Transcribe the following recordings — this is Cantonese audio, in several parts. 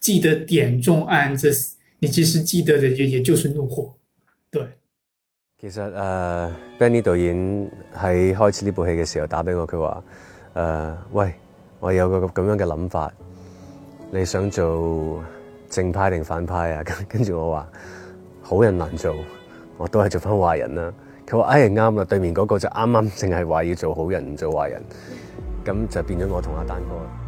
記得點中按，這你其實記得的，也就是怒火。對，其實誒，Benny 導演喺開始呢部戲嘅時候打俾我，佢話誒，uh, 喂，我有個咁樣嘅諗法，你想做正派定反派啊？ 跟跟住我話好人難做，我都係做翻壞人啦、啊。佢話哎呀啱啦，對面嗰個就啱啱淨係話要做好人唔做壞人，咁就變咗我同阿丹哥。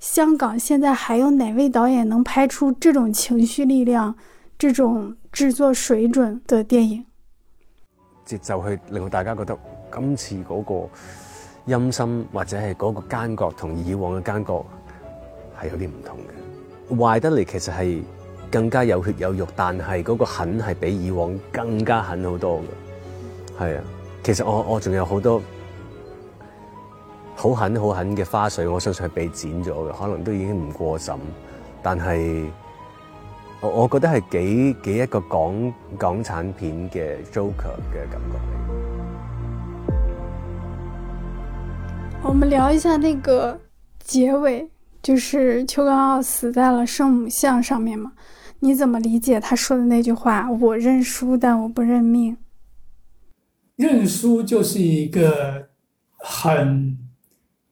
香港現在還有哪位導演能拍出這種情緒力量、這種製作水準的電影？節奏去令到大家覺得今次嗰個陰森或者係嗰個奸角同以往嘅奸角係有啲唔同嘅，壞得嚟其實係更加有血有肉，但係嗰個狠係比以往更加狠好多嘅。係啊，其實我我仲有好多。好狠好狠嘅花絮，我相信係被剪咗嘅，可能都已經唔過審。但係我我覺得係幾幾一個港港產片嘅 joker 嘅感覺嚟。我們聊一下那個結尾，就是邱剛敖死在了聖母像上面嘛？你怎麼理解他說的那句話？我認輸，但我不認命。認輸就是一個很。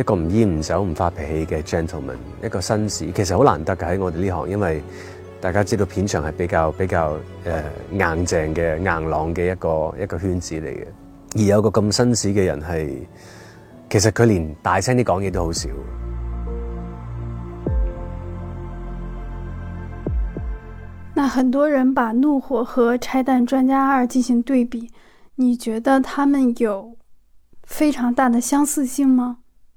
一個唔煙唔酒唔發脾氣嘅 gentleman，一個紳士，其實好難得嘅喺我哋呢行，因為大家知道片場係比較比較誒、呃、硬淨嘅硬朗嘅一個一個圈子嚟嘅，而有個咁紳士嘅人係，其實佢連大聲啲講嘢都好少。那很多人把怒火和拆彈專家二進行對比，你覺得他們有非常大的相似性嗎？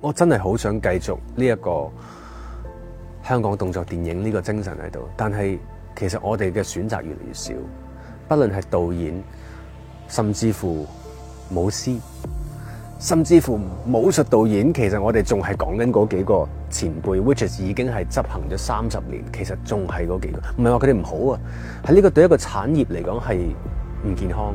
我真係好想繼續呢一個香港動作電影呢個精神喺度，但係其實我哋嘅選擇越嚟越少，不論係導演，甚至乎武師，甚至乎武術導演，其實我哋仲係講緊嗰幾個前輩，which is 已經係執行咗三十年，其實仲係嗰幾個，唔係話佢哋唔好啊，喺呢個對一個產業嚟講係唔健康。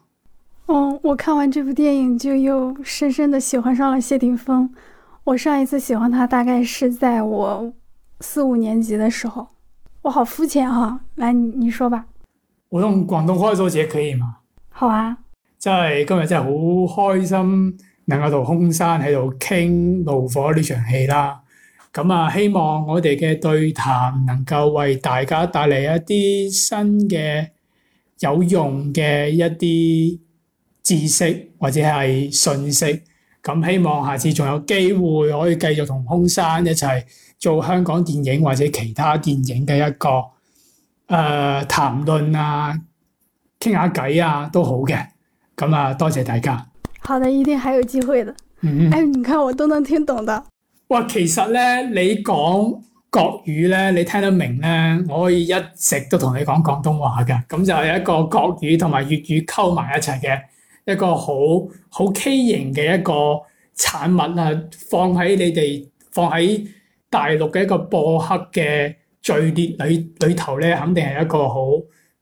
嗯、oh,，我看完這部電影就又深深的喜歡上了謝霆鋒。我上一次喜歡他大概是在我四五年級的時候。我好膚淺哈！來你，你說吧。我用廣東話做節可以嗎？好啊。真係今日真係好開心能夠同空山喺度傾怒火呢場戲啦。咁啊，希望我哋嘅對談能夠為大家帶嚟一啲新嘅有用嘅一啲。知識或者係信息咁，希望下次仲有機會可以繼續同空山一齊做香港電影或者其他電影嘅一個誒、呃、談論啊，傾下偈啊都好嘅。咁啊，多謝大家。好的，一定還有機會的。嗯。哎，你看我都能聽懂的。哇，其實呢，你講國語呢，你聽得明呢，我可以一直都同你講廣東話嘅。咁就係一個國語同埋粵語溝埋一齊嘅。一個好好畸形嘅一個產物啊，放喺你哋放喺大陸嘅一個播客嘅序列裏裏頭咧，肯定係一個好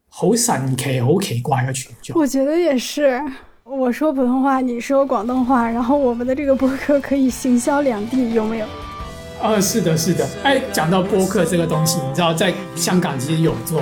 好神奇、好奇怪嘅存在。我覺得也是，我說普通話，你說廣東話，然後我們的這個播客可以行銷兩地，有冇有？啊、哦，是的，是的，哎，講到播客這個東西，你知道在香港其實有做。